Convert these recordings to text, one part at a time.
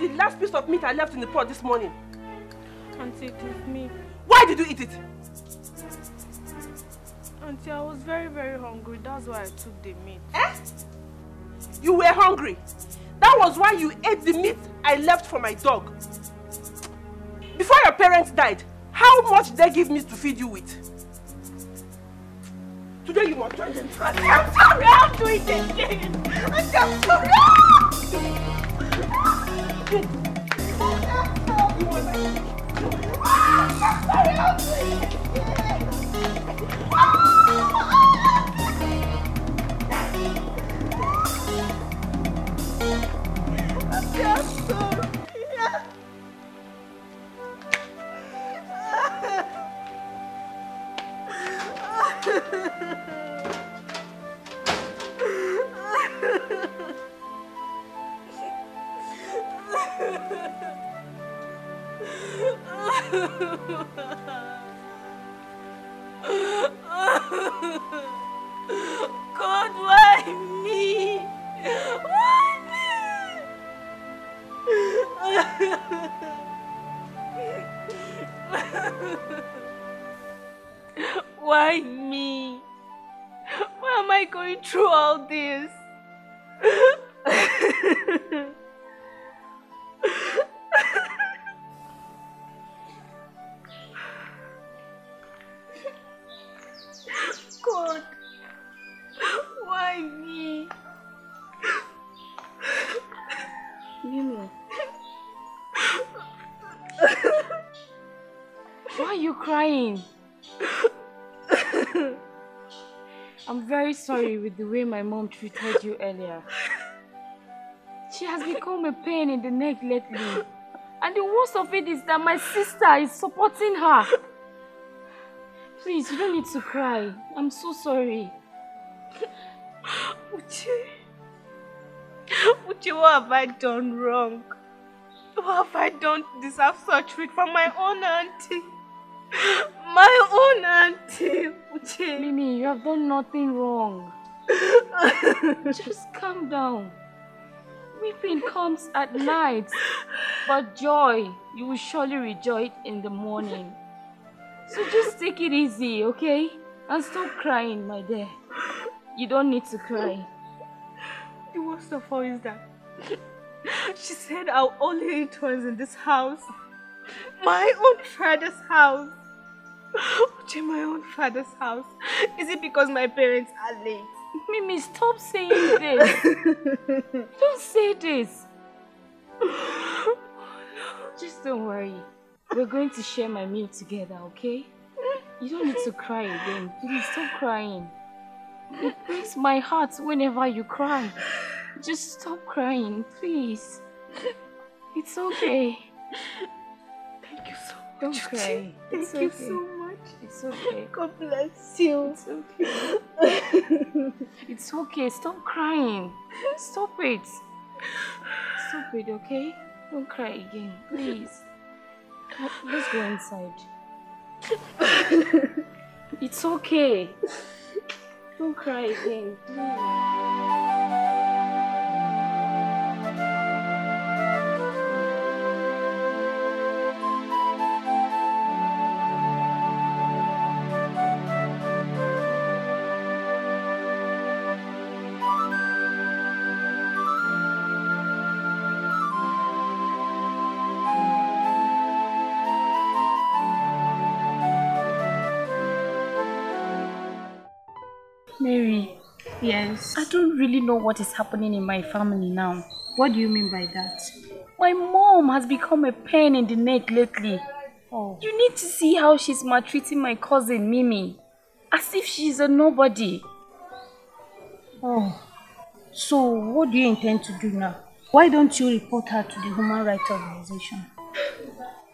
the last piece of meat I left in the pot this morning. Auntie, it is me. Why did you eat it? Auntie, I was very, very hungry. That's why I took the meat. Eh? You were hungry? That was why you ate the meat I left for my dog. Before your parents died, how much they give me to feed you with? Today you must try them. I'm sorry, i am doing it again. I'm sorry. Sorry, help me! sorry with the way my mom treated you earlier. She has become a pain in the neck lately. And the worst of it is that my sister is supporting her. Please, you don't need to cry. I'm so sorry. Uche. Uche, what have I done wrong? What have I done to deserve such treat from my own auntie? My own oh, auntie, Uche. Mimi, you have done nothing wrong. Just calm down. Weeping comes at night, but joy, you will surely rejoice in the morning. So just take it easy, okay? And stop crying, my dear. You don't need to cry. The worst of all is that she said our only it in this house. My own father's house. to my own father's house. Is it because my parents are late? Mimi, stop saying this. don't say this. Just don't worry. We're going to share my meal together, okay? You don't need to cry again. Please stop crying. It breaks my heart whenever you cry. Just stop crying, please. It's okay. Thank you so much. Don't cry. Thank it's you okay. so much. It's okay. God bless you. It's okay. it's okay. Stop crying. Stop it. Stop it, okay? Don't cry again, please. Let's go inside. it's okay. Don't cry again, please. really know what is happening in my family now. What do you mean by that? My mom has become a pain in the neck lately. Oh. You need to see how she's maltreating my cousin Mimi. As if she's a nobody. Oh. So what do you intend to do now? Why don't you report her to the Human Rights Organization?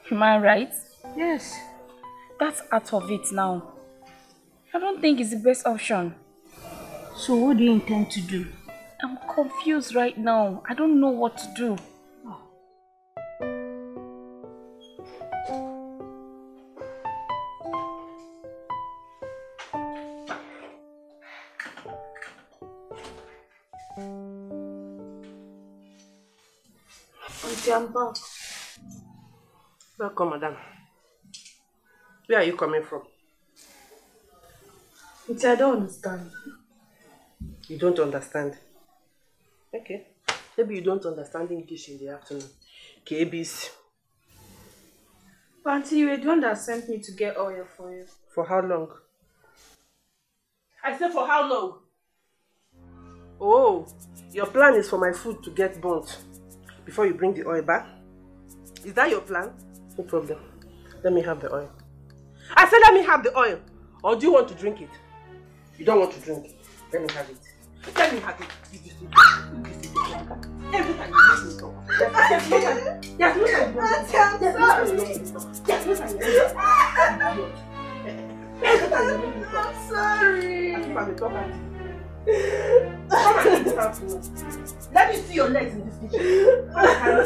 Human Rights? Yes. That's out of it now. I don't think it's the best option. So what do you intend to do? I'm confused right now. I don't know what to do. I'm back. Welcome, madam. Where are you coming from? Auntie, I don't understand. You don't understand. Okay. Maybe you don't understand English in the afternoon. Kbs. But auntie, you were the one that sent me to get oil for you. For how long? I said for how long? Oh, your plan is for my food to get burnt before you bring the oil back? Is that your plan? No problem. Let me have the oil. I said let me have the oil. Or do you want to drink it? You don't want to drink it. Let me have it. Tell me happy. Every time you make me talk, there's time. There's no time. There's no time. There's no Every time you make me I'm sorry. Let me see your legs in this kitchen. I can't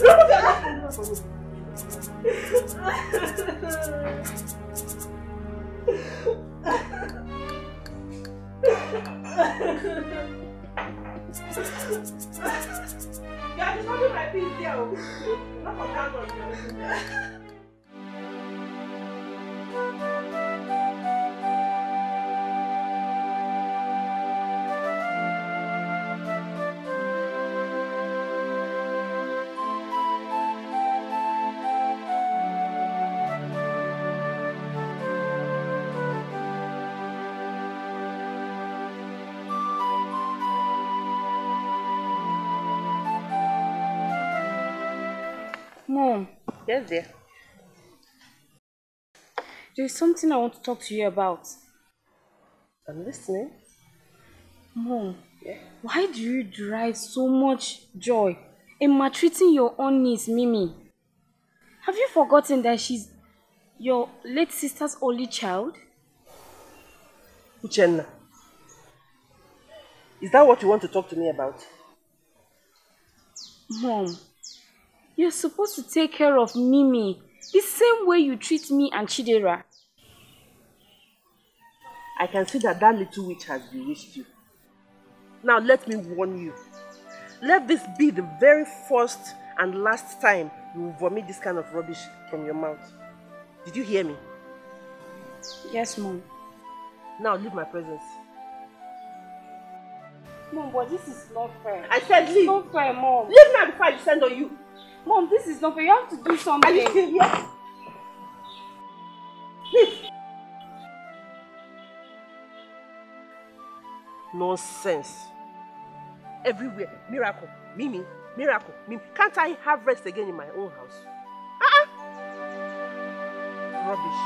Look at your legs. Ha 不要在上面买配件那好脏哦！Mom, yes dear. There is something I want to talk to you about. I'm listening. Mom, yeah? why do you derive so much joy in maltreating your own niece, Mimi? Have you forgotten that she's your late sister's only child? Uchenna, is that what you want to talk to me about? Mom, you're supposed to take care of Mimi the same way you treat me and Chidera. I can see that that little witch has bewitched you. Now let me warn you. Let this be the very first and last time you vomit this kind of rubbish from your mouth. Did you hear me? Yes, Mom. Now leave my presence. Mom, but this is not fair. I said leave. It's not fair, Mom. Leave now before I descend on you. Mom, this is not fair. You have to do something. Are you serious? Please. Nonsense. Everywhere. Miracle. Mimi. Miracle. Mimi. Can't I have rest again in my own house? Uh -uh. Rubbish.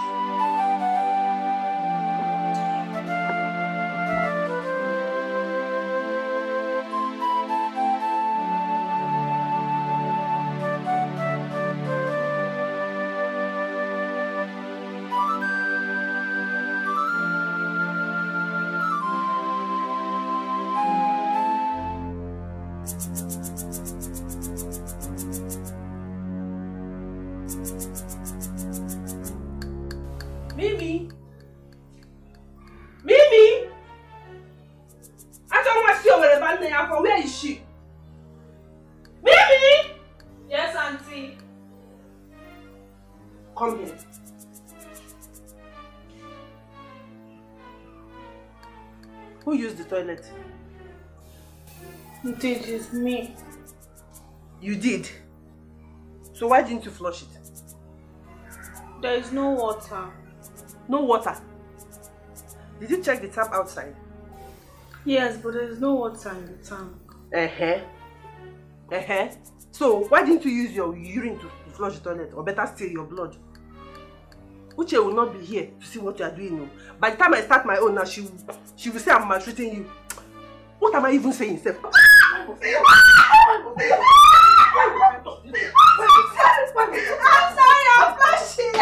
toilet. You did, me. You did? So why didn't you flush it? There is no water. No water? Did you check the tap outside? Yes, but there is no water in the tank. Uh-huh. Uh-huh. So why didn't you use your urine to flush the toilet? Or better still, your blood? Uche will not be here to see what you are doing. No. Oh. By the time I start my own now, she will, she will say I'm maltreating you. What am I even saying, Seth? I'm sorry, I'm blushing.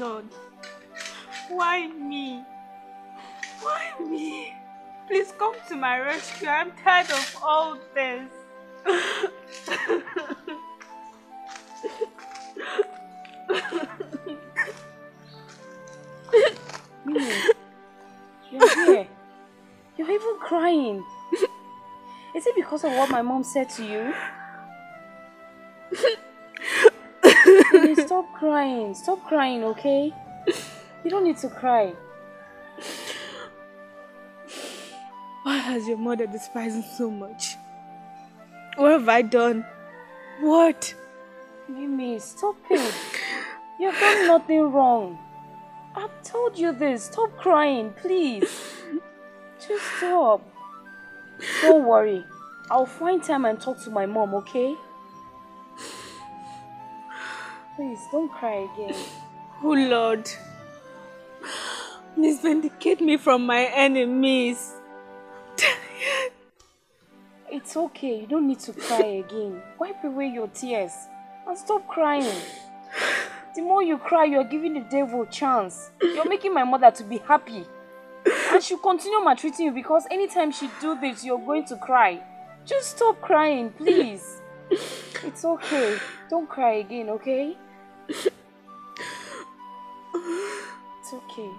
Lord, why me? Why me? Please come to my rescue. I'm tired of all this. you, are here. You're even crying. Is it because of what my mom said to you? stop crying. Stop crying, okay? You don't need to cry. Why has your mother despised me so much? What have I done? What? Mimi, stop it. You've done nothing wrong. I've told you this. Stop crying, please. Just stop. Don't worry. I'll find time and talk to my mom, okay? Please, don't cry again. Oh, Lord. Please vindicate me from my enemies. it's okay. You don't need to cry again. Wipe away your tears. And stop crying. The more you cry, you are giving the devil a chance. You're making my mother to be happy. And she'll continue maltreating you because anytime she do this, you're going to cry. Just stop crying, please. It's okay. Don't cry again, okay? It's okay.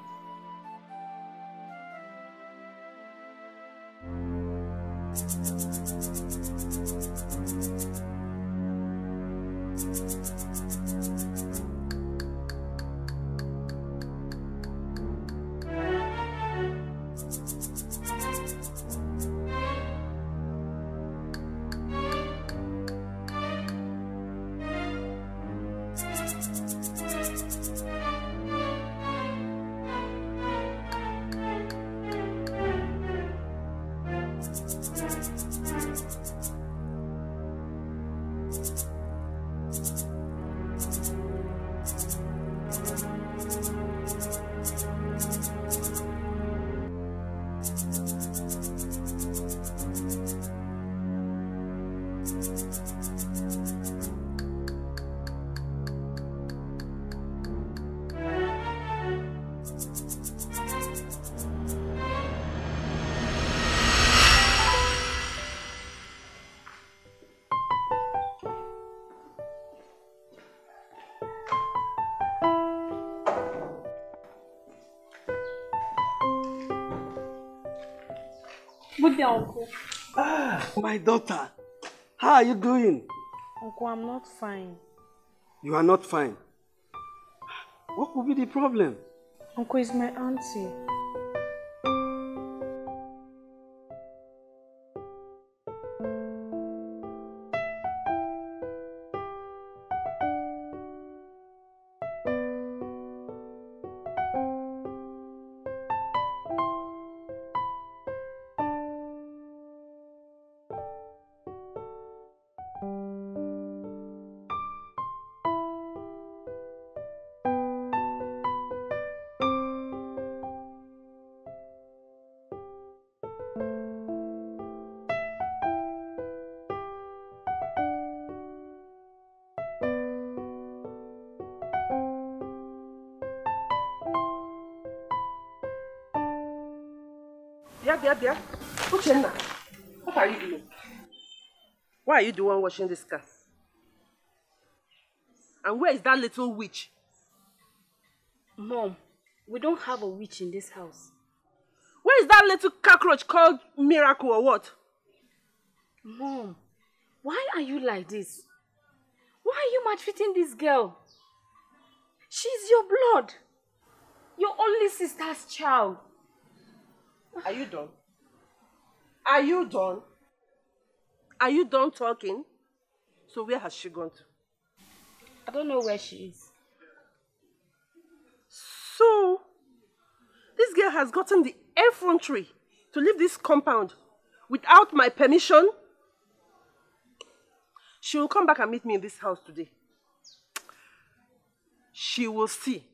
Good Uncle. Ah, my daughter, how are you doing? Uncle, I'm not fine. You are not fine. What could be the problem? Uncle, is my auntie. bịa Uchenna, what are you doing? Why are you the one washing this car? And where is that little witch? Mom, we don't have a witch in this house. Where is that little cockroach called Miracle or what? Mom, why are you like this? Why are you maltreating this girl? She's your blood. Your only sister's child. Are you done? Are you done? Are you done talking? So where has she gone to? I don't know where she is. So, this girl has gotten the effrontery to leave this compound without my permission? She will come back and meet me in this house today. She will see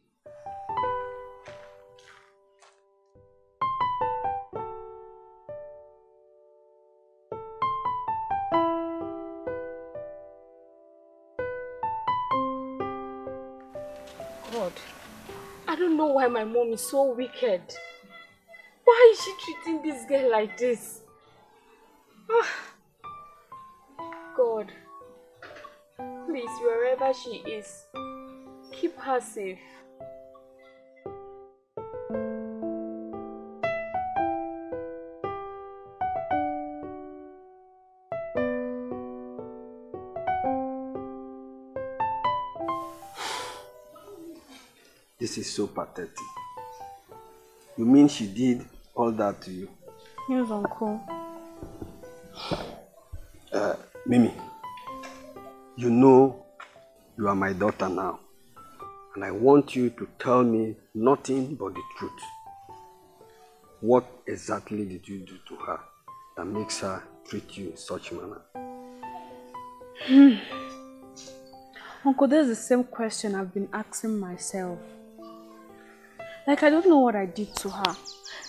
why my mom is so wicked. Why is she treating this girl like this? Oh, God, please, wherever she is, keep her safe. is so pathetic. You mean she did all that to you? Yes, Uncle. Uh, Mimi, you know you are my daughter now. And I want you to tell me nothing but the truth. What exactly did you do to her that makes her treat you in such manner? Hmm. Uncle, this is the same question I've been asking myself. Like, I don't know what I did to her.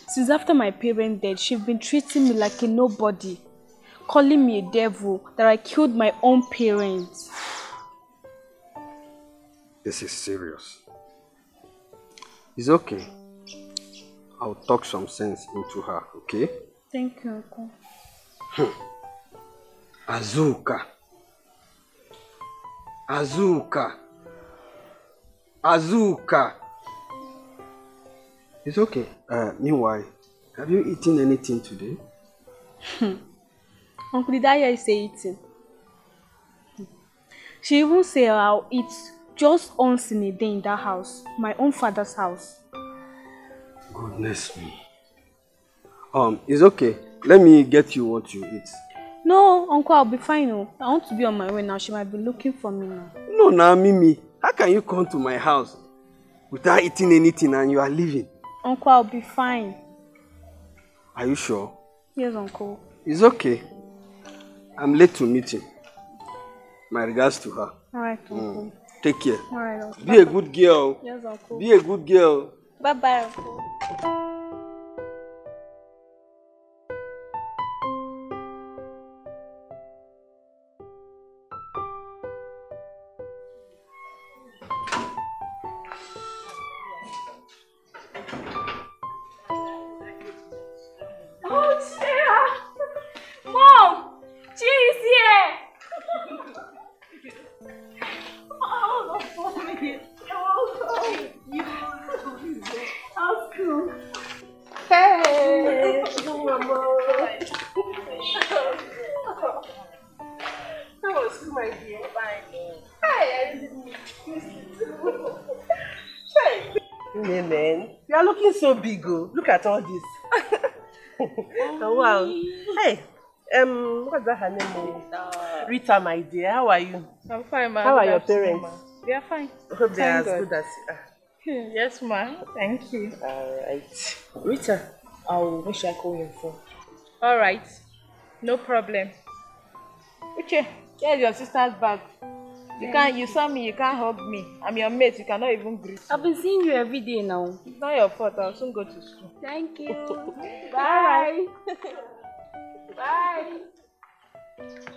Since after my parents died, she's been treating me like a nobody, calling me a devil, that I killed my own parents. This is serious. It's okay. I'll talk some sense into her, okay? Thank you, Uncle. Hmm. Azuka. Azuka. Azuka. It's okay. Uh, meanwhile, have you eaten anything today? Uncle Didaya is eating. She even say I'll eat just once in a day in that house, my own father's house. Goodness me. Um, it's okay. Let me get you what you eat. No, Uncle, I'll be fine. Oh. I want to be on my way now. She might be looking for me now. No, now, Mimi. How can you come to my house without eating anything and you are leaving? Uncle, I'll be fine. Are you sure? Yes, Uncle. It's okay. I'm late to meeting. My regards to her. Alright, mm. Uncle. Mm. Take care. Alright, Uncle. Be a good girl. Yes, Uncle. Be a good girl. Bye bye, Uncle. so big oh. Look at all this. oh, wow. Hey, um, what's that her name? Rita. Rita, my dear, how are you? I'm fine, ma. How are your parents? They are fine. hope they are as good as you are. Yes, ma. Thank you. All right. Rita, Oh, what should I call you for? All right. No problem. Uche, here's your sister's bag. You Thank can't. You saw me. You can't hug me. I'm your mate. You cannot even greet. me. I've been seeing you every day now. It's not your fault. I'll soon go to school. Thank you. Bye. Bye. Bye.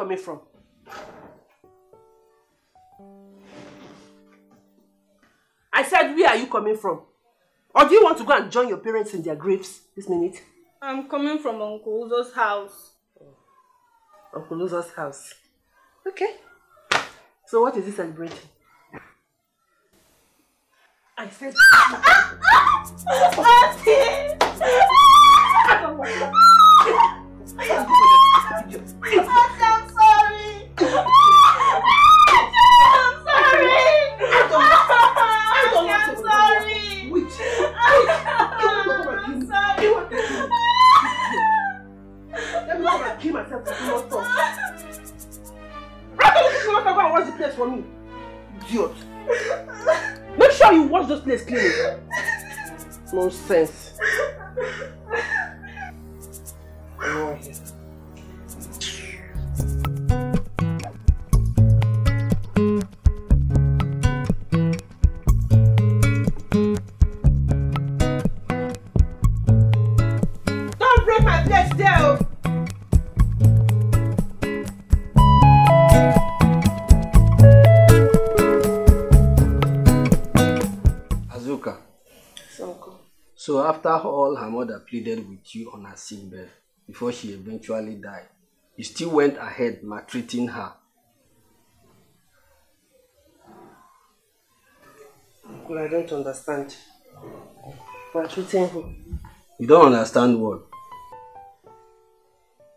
coming from? I said, where are you coming from? Or do you want to go and join your parents in their graves this minute? I'm coming from Uncle Uzo's house. Oh. Uncle Uzo's house. Okay. So what is this celebrating? I said... Auntie! Auntie! for me. Idiot. Make sure you wash this place clean. Nonsense. After all her mother pleaded with you on her sickbed before she eventually died, you still went ahead maltreating her. Uncle, I don't understand. Maltreating who? You don't understand what?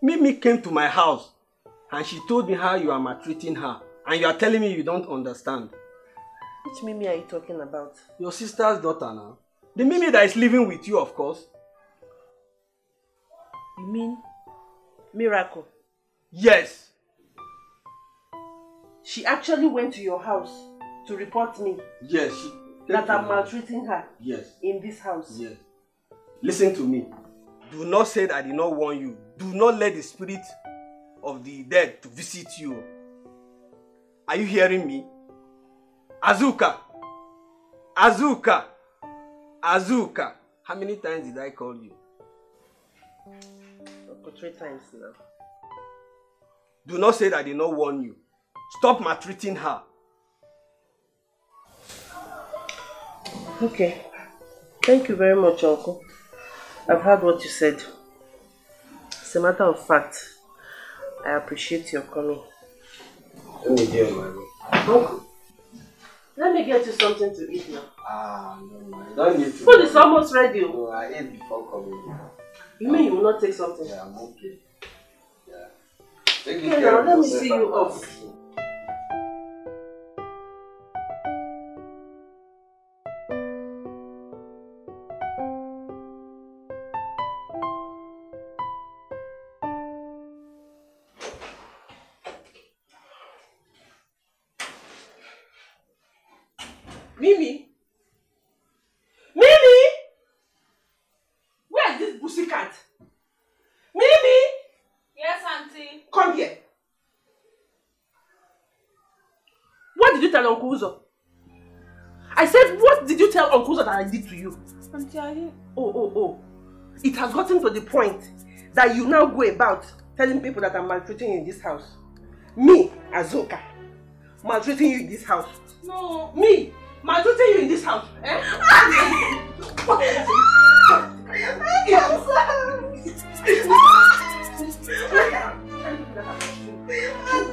Mimi came to my house and she told me how you are maltreating her and you are telling me you don't understand. Which Mimi are you talking about? Your sister's daughter now. The Mimi that is living with you, of course. You mean Miracle? Yes. She actually went to your house to report me. Yes. that I'm maltreating her. Yes. In this house. Yes. Listen to me. Do not say that I did not warn you. Do not let the spirit of the dead to visit you. Are you hearing me? Azuka! Azuka! Azuka, how many times did I call you? three times now. Do not say that I did not warn you. Stop maltreating her. Okay. Thank you very much, Uncle. I've heard what you said. As a matter of fact, I appreciate your coming. Oh, dear, Uncle. Let me get you something to eat now. Ah, no, no, don't need to. Food is almost ready. No, I ate before coming here. You mean you will not take something? Yeah, I'm okay. Yeah. Take okay, now let me see you off. and Uncle Uzo. I said, what did you tell Uncle Uzo that I did to you? Auntie, Oh, oh, oh. It has gotten to the point that you now go about telling people that I'm maltreating you in this house. Me, Azoka, maltreating you in this house. No. Me, maltreating you in this house. Eh?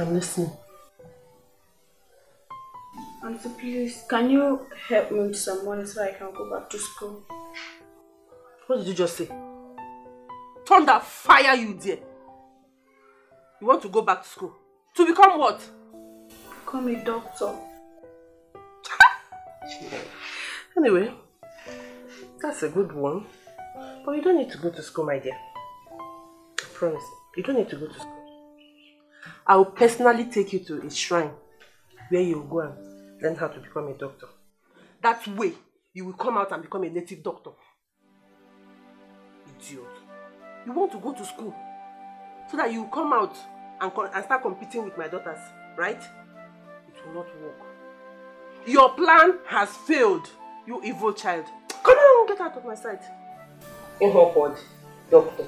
I'm listening. Auntie, please, can you help me with some money so I can go back to school? What did you just say? Thunder fire you dear. You want to go back to school? To become what? Become a doctor. anyway, that's a good one. But you don't need to go to school, my dear. I promise. You don't need to go to school. I will personally take you to a shrine where you will go and learn how to become a doctor. That way, you will come out and become a native doctor. Idiot. You want to go to school so that you will come out and, and start competing with my daughters, right? It will not work. Your plan has failed, you evil child. Come on, get out of my sight. In her body, doctor.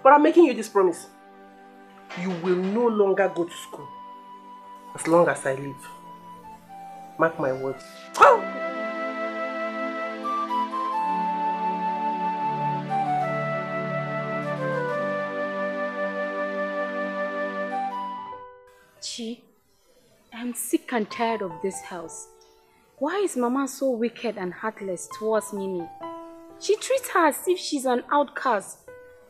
But I'm making you this promise you will no longer go to school as long as I live. Mark my words. Oh! Chi, I'm sick and tired of this house. Why is Mama so wicked and heartless towards Mimi? She treats her as if she's an outcast.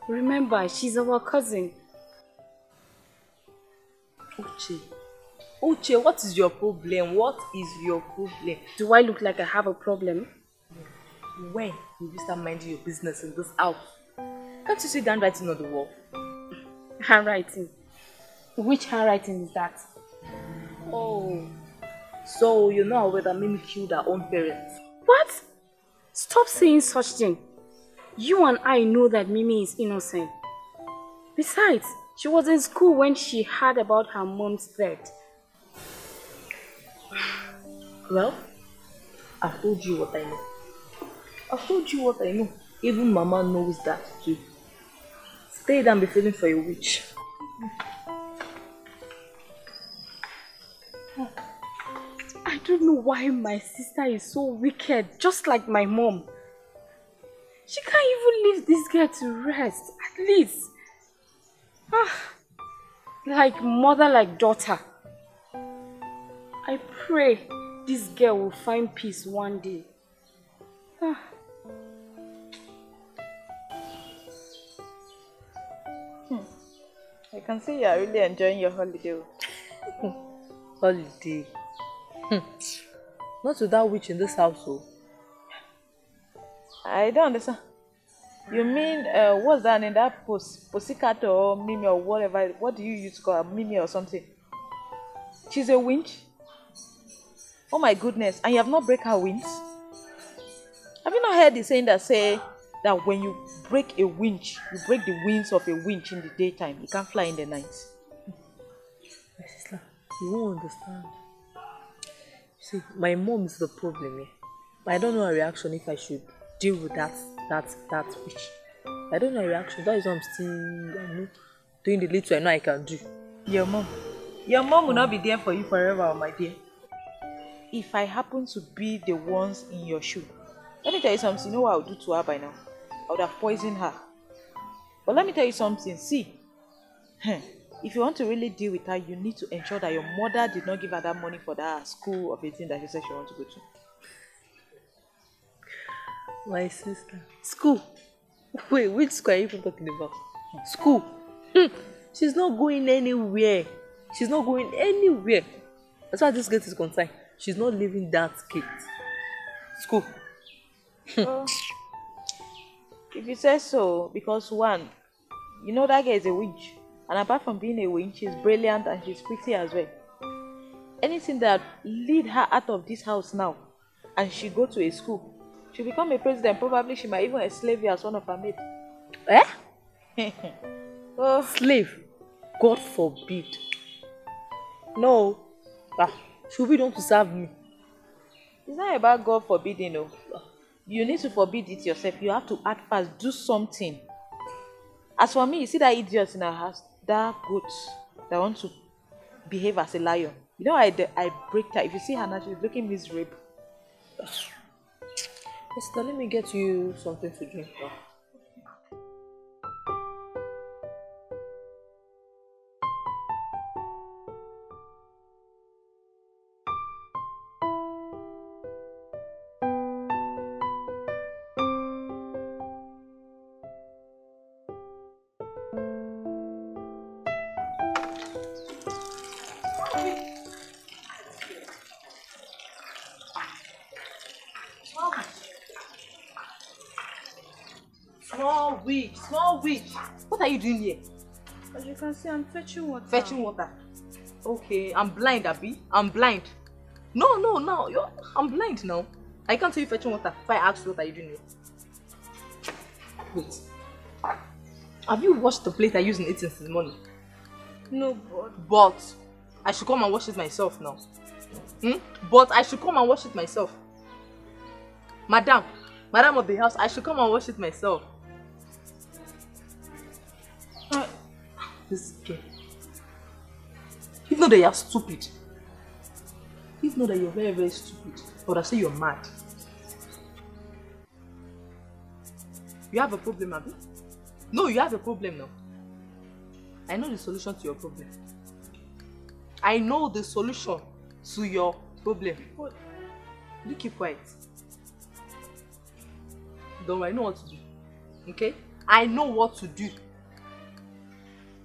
Remember, she's our cousin. Uche. Uche, what is your problem? What is your problem? Do I look like I have a problem? When will you start minding your business in this house? Can't you see the handwriting on the wall? Handwriting? Which handwriting is that? Oh, so you know whether Mimi killed her own parents. What? Stop saying such thing. You and I know that Mimi is innocent. Besides, she was in school when she heard about her mom's death. Well, I've told you what I know. I've told you what I know. Even Mama knows that too. Stay down be feeling for a witch. I don't know why my sister is so wicked, just like my mom. She can't even leave this girl to rest, at least. Ah, like mother, like daughter. I pray this girl will find peace one day. Ah. Hmm. I can see you are really enjoying your holiday. Oh. holiday. Hmm. Not without witch in this household. Oh. I don't understand. You mean uh, what's that in that post pussycat or mimi or whatever? What do you use to call her? mimi or something? She's a winch. Oh my goodness! And you have not break her wings. Have you not heard the saying that say that when you break a winch, you break the wings of a winch in the daytime. You can't fly in the night. Sister, you won't understand. See, my mom is the problem here. I don't know her reaction if I should deal with that that that which I don't know reaction. That is why I'm still I um, know, doing the little I know I can do. Your mom, your mom will not be there for you forever, oh, my dear. If I happen to be the ones in your shoe, let me tell you something. You know what I would do to her by now? I would have poisoned her. But let me tell you something. See, if you want to really deal with her, you need to ensure that your mother did not give her that money for that school or a thing that she said she wanted to go to. My sister. School. Wait, which school are you even talking about? Hmm. School. Hmm. She's not going anywhere. She's not going anywhere. That's why this gate is concerned, she's not leaving that gate. School. Hmm. Oh. if you say so, because one, you know that girl is a witch. And apart from being a witch, she's brilliant and she's pretty as well. Anything that lead her out of this house now and she go to a school she become a president. Probably she might even enslave you as one of her mates. Eh? oh. Slave? God forbid. No. Ah, she will be not to serve me? It's not about God forbidding. No. Oh. You need to forbid it yourself. You have to act fast. Do something. As for me, you see that idiot in our house, that goat that wants to behave as a lion. You know, I, I break her. If you see her now, she's looking miserable. Esther, let me get you something to drink now. you doing here? As you can see, I'm fetching water. Fetching water. Okay, I'm blind, Abby. I'm blind. No, no, no. You're, I'm blind now. I can't see you fetching water. If I ask what are you doing here? Wait. Have you washed the plate I used in eating since morning? No, but... But, I should come and wash it myself now. Hmm? But I should come and wash it myself. Madam, madam of the house, I should come and wash it myself. this girl. Even though they are stupid. Even though that you're very, very stupid. Or I say you're mad. You have a problem, Abby? No, you have a problem now. I know the solution to your problem. I know the solution to your problem. You keep quiet. Don't worry, I know what to do. Okay? I know what to do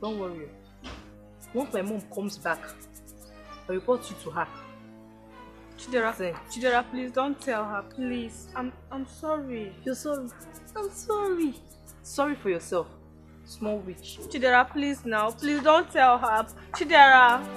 Don't worry. Once my mom comes back, I report you to her. Chidera, Chidera, please don't tell her, please. I'm, I'm sorry. You're sorry. I'm sorry. Sorry for yourself, small witch. Chidera, please now. Please don't tell her. Chidera.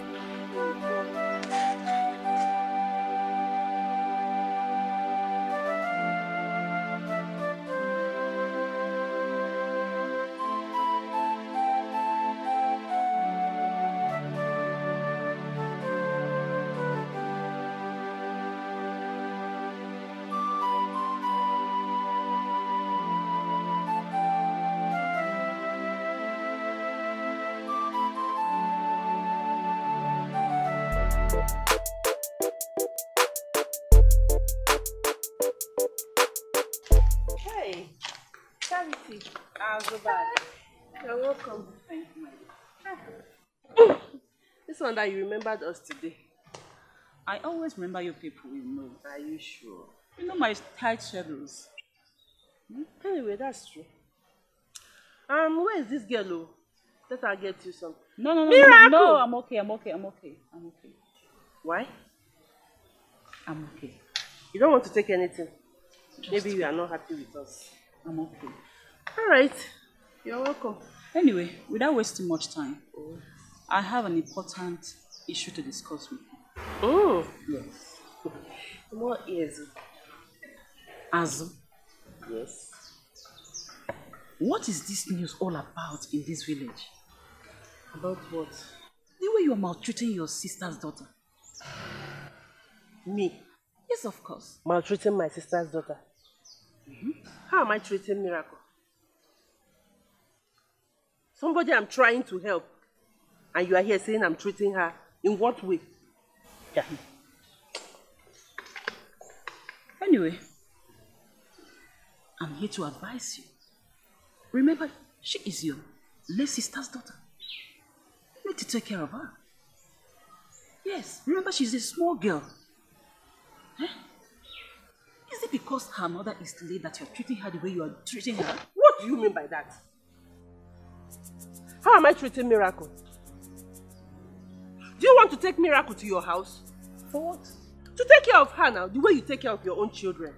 glad you remembered us today. I always remember you people, you know. Are you sure? You know my tight schedules. Hmm? Anyway, that's true. Um, where is this girl, oh? Let her get you some. No, no, no, Miracle! no, no. I'm okay. I'm okay. I'm okay. I'm okay. Why? I'm okay. You don't want to take anything. Just Maybe you are not happy with us. I'm okay. All right. You're welcome. Anyway, without wasting much time, oh. I have an important issue to discuss with you. Oh. Yes. What is it? Azu. Yes. What is this news all about in this village? About what? The way you're maltreating your sister's daughter. Me? Yes, of course. Maltreating my sister's daughter? Mm -hmm. How am I treating Miracle? Somebody I'm trying to help and you are here saying I'm treating her, in what way? Yeah. Anyway, I'm here to advise you. Remember, she is your late sister's daughter. You need to take care of her. Yes, remember she's a small girl. Eh? Is it because her mother is late that you're treating her the way you are treating her? What do you mean by that? How am I treating Miracle? Do you want to take Miracle to your house? For what? To take care of her now, the way you take care of your own children.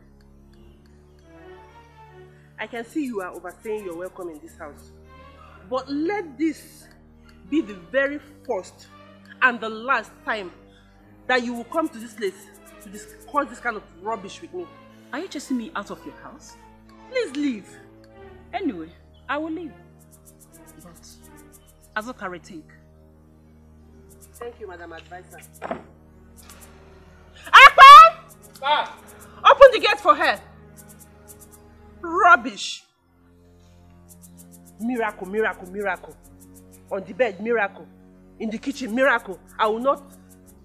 I can see you are overstaying your welcome in this house. But let this be the very first and the last time that you will come to this place to discuss this kind of rubbish with me. Are you chasing me out of your house? Please leave. Anyway, I will leave. But, as a rethink. Thank you, Madam Advisor. Apa! Ah, Open the gate for her. Rubbish. Miracle, miracle, miracle. On the bed, miracle. In the kitchen, miracle. I will not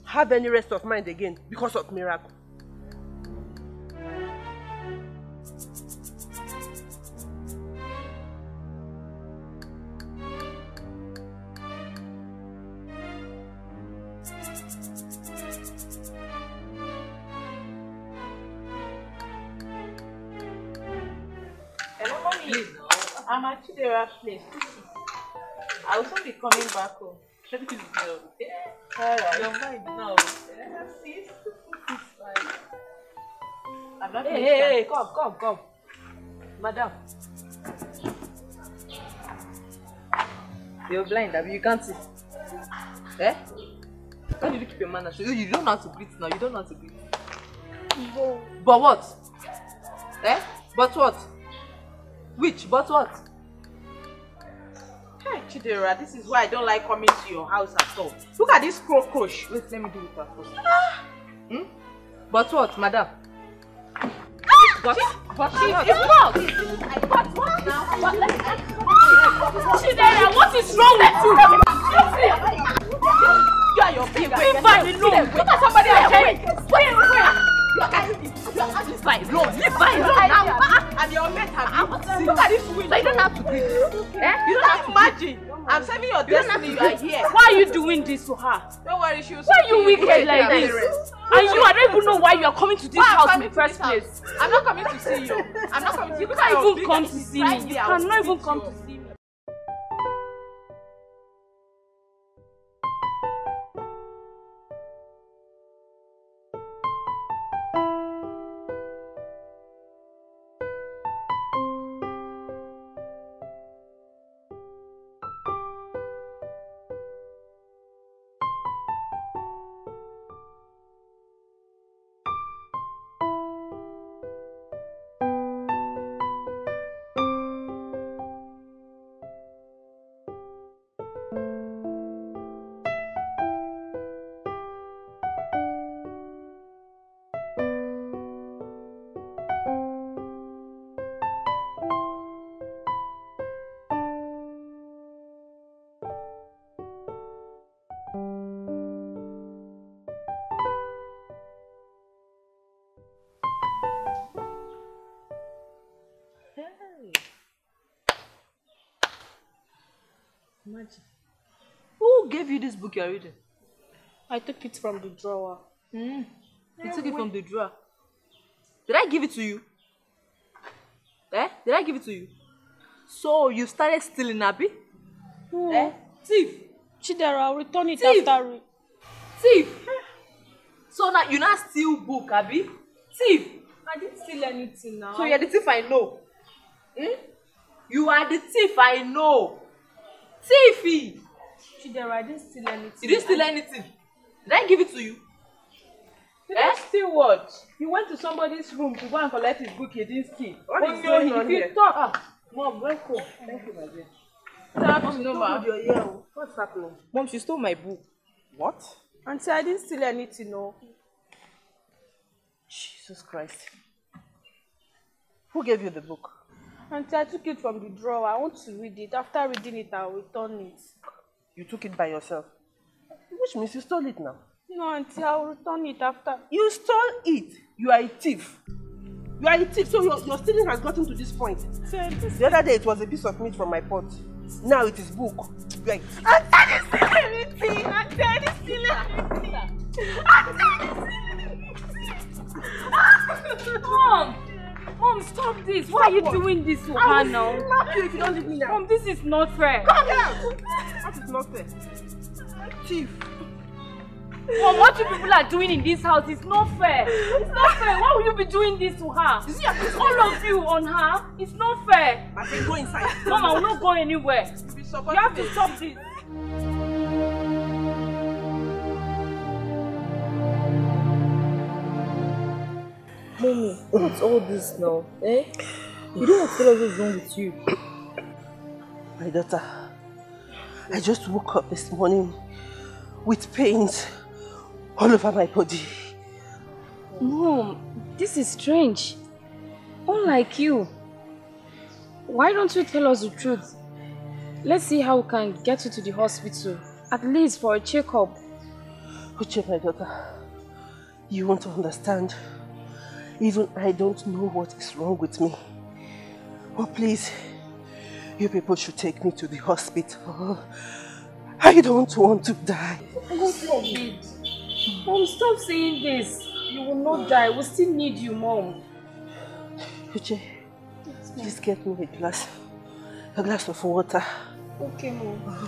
have any rest of mind again because of miracle. that place. I will soon be coming back home. Everything is well. Yeah. Alright. Your mind now. I'm not hey, hey, hey, come, come, come. Madam. You're blind, Abby. You can't see. Eh? How do you keep your manners? You, you don't know how to greet now. You don't know how to greet. No. But what? Eh? But what? Which? But what? Chidera, this is why I don't like coming to your house at all. Look at this cockroach. Wait, let me do it first. Hmm? But what, madam? but, she, but she, she is Chidera, what is wrong with you? You are your bigger. Look at somebody. Wait, wait, wait. Look at this. Leave by alone. Leave by alone now. And your mate have you. Look at this window. But you don't have to do this. Eh? You don't have to imagine. I'm saving your destiny. You are here. Why are you doing this to her? Don't worry, she will. Why are you wicked like this? And you, I don't even know why you are coming to this why house in the first place. I'm not coming to see you. I'm not coming to see you. You can't even come to see me. You cannot even come to see me. Imagine. Who gave you this book you're reading? I took it from the drawer. Mm. You took it from the drawer. Did I give it to you? Eh? Did I give it to you? So you started stealing Abby? Hmm. Eh? Thief. Chidera, I'll return it Thief. after. Thief. so now you not steal book, Abby? Thief. I didn't steal anything now. So you're the thief I know. Hmm? You are the thief I know. Tiffy! Chidera, I didn't steal anything. You didn't steal anything? Did I give it to you? Did eh? I steal what? He went to somebody's room to go and collect his book he didn't steal. What oh, is going on here? He talk. Ah, Mom, welcome. Thank you, my dear. Mom, you stole oh. What's happening? Mom, she stole my book. What? Auntie, I didn't steal anything, no. Jesus Christ. Who gave you the book? Auntie, I took it from the drawer. I want to read it. After reading it, I'll return it. You took it by yourself? Which means you stole it now. No, Auntie, I'll return it after. You stole it? You are a thief. You are a thief, so your, your stealing has gotten to this point. The other day, it was a piece of meat from my pot. Now it is book. Right. Auntie, I didn't steal anything. Auntie, I didn't steal anything. Auntie, I didn't steal anything. Mom! stop this. Stop Why are you what? doing this to her now? I will slap you if you don't leave me now. Mom, this is not fair. Come here. That is not fair. Chief. Mom, what you people are doing in this house is not fair. It's not fair. Why would you be doing this to her? You All of you on her. It's not fair. But then go inside. Mom, I will not go anywhere. you have to stop this. Mommy, what's all this now? Eh? You don't want to tell us what's wrong with you. My daughter, I just woke up this morning with pains all over my body. Mom, this is strange. Unlike you. Why don't you tell us the truth? Let's see how we can get you to the hospital, at least for a checkup. Uche, my daughter, you won't understand. Even I don't know what is wrong with me. Oh, please, you people should take me to the hospital. I don't want to die. What's your Mom, stop saying this. You will not die. We still need you, Mom. Uche, just please get me a glass. A glass of water. Okay, Mom. Uh-huh.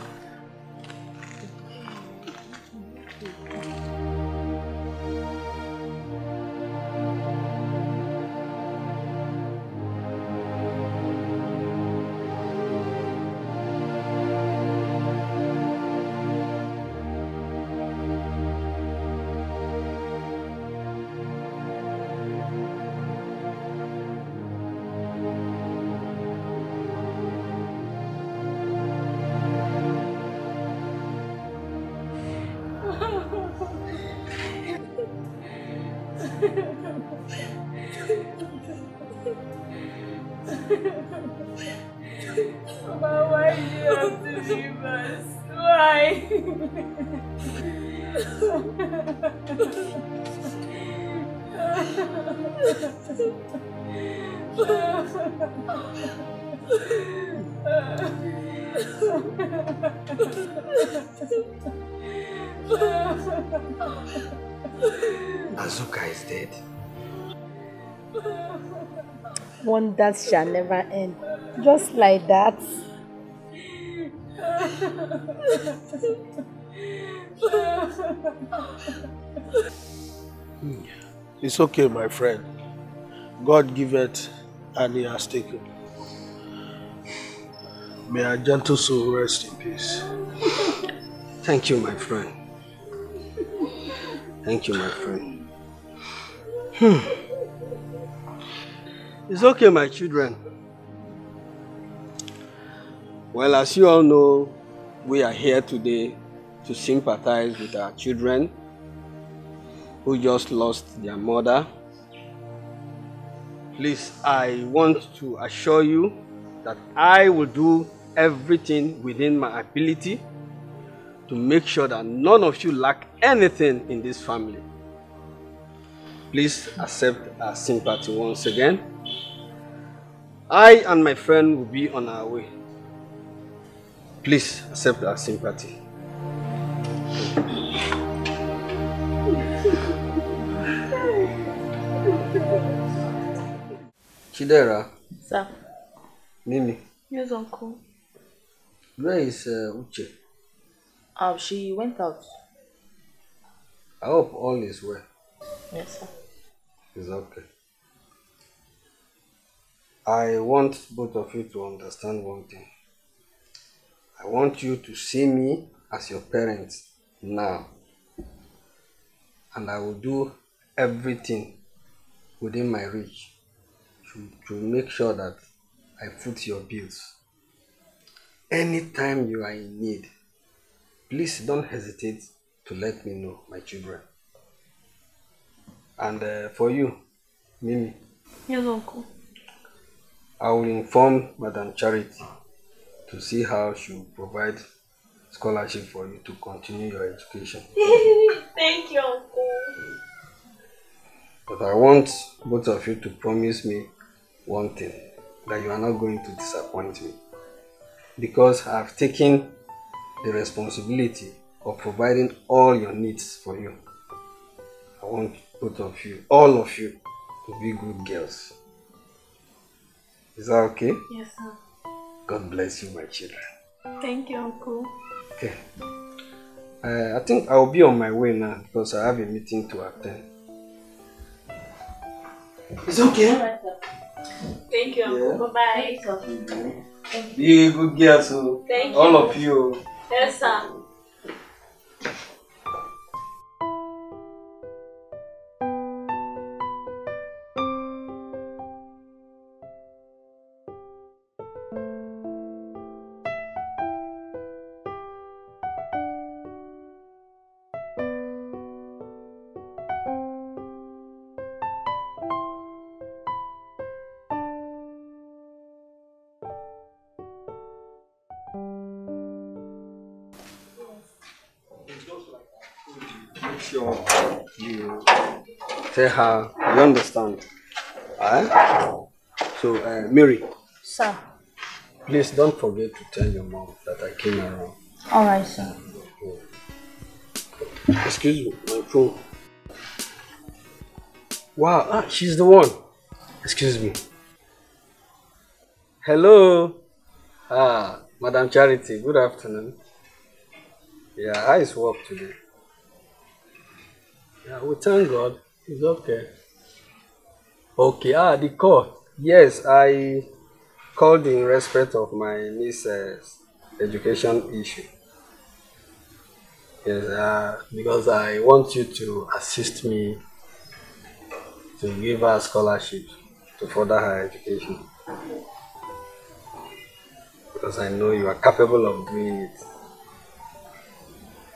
Azuka is dead. One death shall never end. Just like that. Hmm. It's okay, my friend. God giveth and he has taken. May our gentle soul rest in peace. Thank you, my friend. Thank you, my friend. it's okay, my children. Well, as you all know, we are here today to sympathize with our children who just lost their mother. Please, I want to assure you that I will do everything within my ability to make sure that none of you lack anything in this family. Please accept our sympathy once again. I and my friend will be on our way. Please accept our sympathy. Chidera. Sir. Mimi. Yes, Uncle. Where is uh, Uche? Uh, she went out. I hope all is well. Yes, sir. It's okay. I want both of you to understand one thing. I want you to see me as your parents now. And I will do everything within my reach to, to make sure that I foot your bills. Anytime you are in need, please don't hesitate to let me know, my children. And uh, for you, Mimi. Yes, Uncle. I will inform Madam Charity to see how she will provide scholarship for you to continue your education. Thank you, Uncle. But I want both of you to promise me one thing, that you are not going to disappoint me. Because I have taken the responsibility of providing all your needs for you. I want both of you, all of you, to be good girls. Is that okay? Yes, sir. God bless you, my children. Thank you, Uncle. Okay. Uh, I think I'll be on my way now because I have a meeting to attend. It's okay. Thank you, Uncle. Yeah. Bye bye. Be good girls, oh. you. all of you. Oh. Yes, sir. Say her. You understand? Eh? So, uh, Mary. Sir. Please don't forget to tell your mom that I came around. All right, sir. Oh. Excuse me, my phone. Wow, ah, she's the one. Excuse me. Hello. Ah, Madam Charity, good afternoon. Yeah, I is work today. Yeah, we thank God. It's okay. Okay, ah, the call. Yes, I called in respect of my niece's education issue. Yes, uh, because I want you to assist me to give her scholarship to further her education. Because I know you are capable of doing it.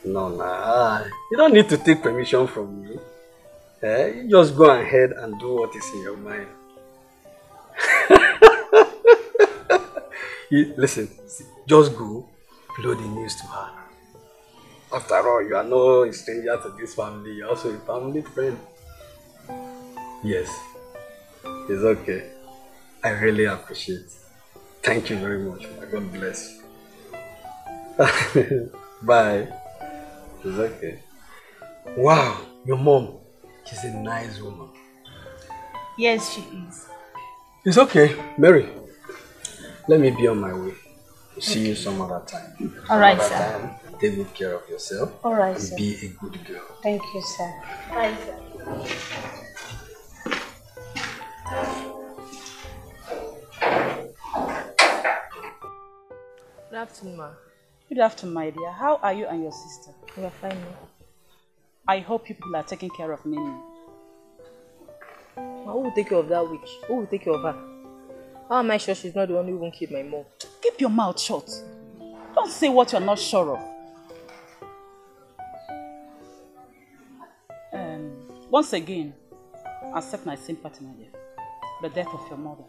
No, nah, you don't need to take permission from me. Eh, you just go ahead and do what is in your mind. you, listen, just go, blow the news to her. After all, you are no stranger to this family, you're also a family friend. Yes, it's okay. I really appreciate it. Thank you very much. God bless you. Bye. It's okay. Wow, your mom. She's a nice woman. Yes, she is. It's okay, Mary. Let me be on my way. See okay. you some other time. All right, sir. Time take good care of yourself. All right, and sir. Be a good girl. Thank you, sir. Bye, sir. Good afternoon, ma. Good afternoon, my dear. How are you and your sister? We are fine, ma. I hope you people are taking care of Mimi. Well, who will take care of that witch? Who will take care of her? How am I sure she's not the one who won't keep my mom? Keep your mouth shut. Don't say what you're not sure of. Um, once again, accept my sympathy, my dear. The death of your mother.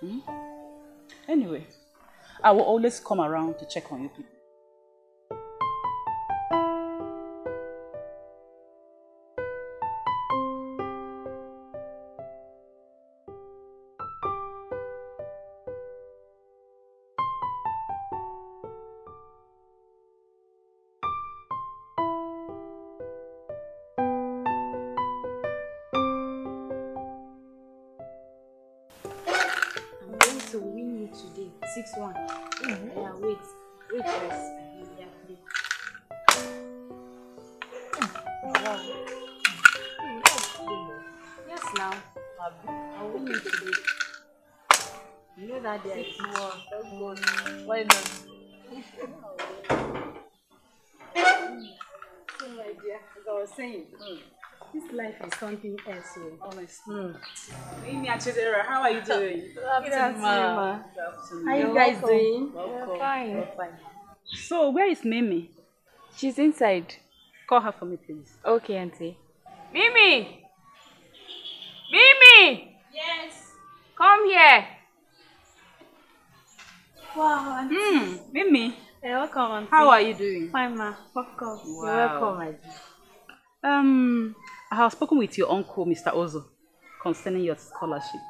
Hmm? Anyway, I will always come around to check on you people. are you doing? Good afternoon. Good How are you guys welcome. doing? Welcome. Fine. We're fine. So, where is Mimi? She's inside. Call her for me, please. Okay, Auntie. Mimi! Mimi! Yes. Come here. Wow, Auntie. Mm, Mimi. Hey, welcome, Auntie. How are you doing? Fine, ma. Welcome. Wow. You're welcome, Auntie. Um, I have spoken with your uncle, Mr. Ozo, concerning your scholarship.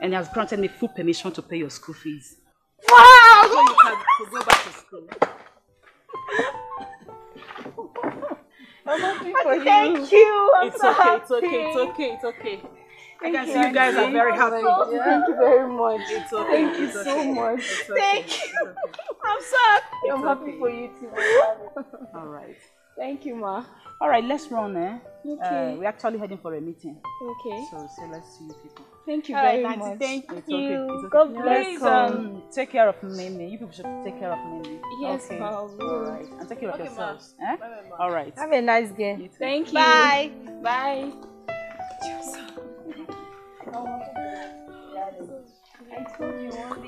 and has granted me full permission to pay your school fees. Wow! So you can go back to school. I'm happy for you. Thank you. I'm it's so okay. Happy. It's okay. It's okay. It's okay. Thank I can you, see you guys are very happy. So, yeah. Thank you very much. It's okay. Thank you so okay. much. Thank okay. you. I'm so happy. I'm happy for you too. All right. Thank you, Ma. All right, let's run, eh? Okay. Uh, we're actually heading for a meeting. Okay. So say let's see you people. Thank you very right, much. Thank it's you. Okay. It's okay. God bless. Please, um, take care of Mimi. You people should take care of Mimi. Yes, okay. Ma. All right. And take care okay, of yourselves. Ma. Eh? Bye, bye, ma. All right. Have a nice day. You Thank you. Bye. Bye. I told you one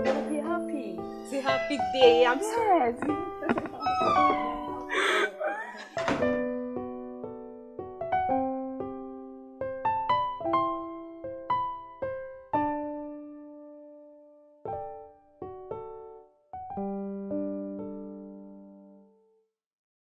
day. be happy. It's a happy day. I'm yes. sorry.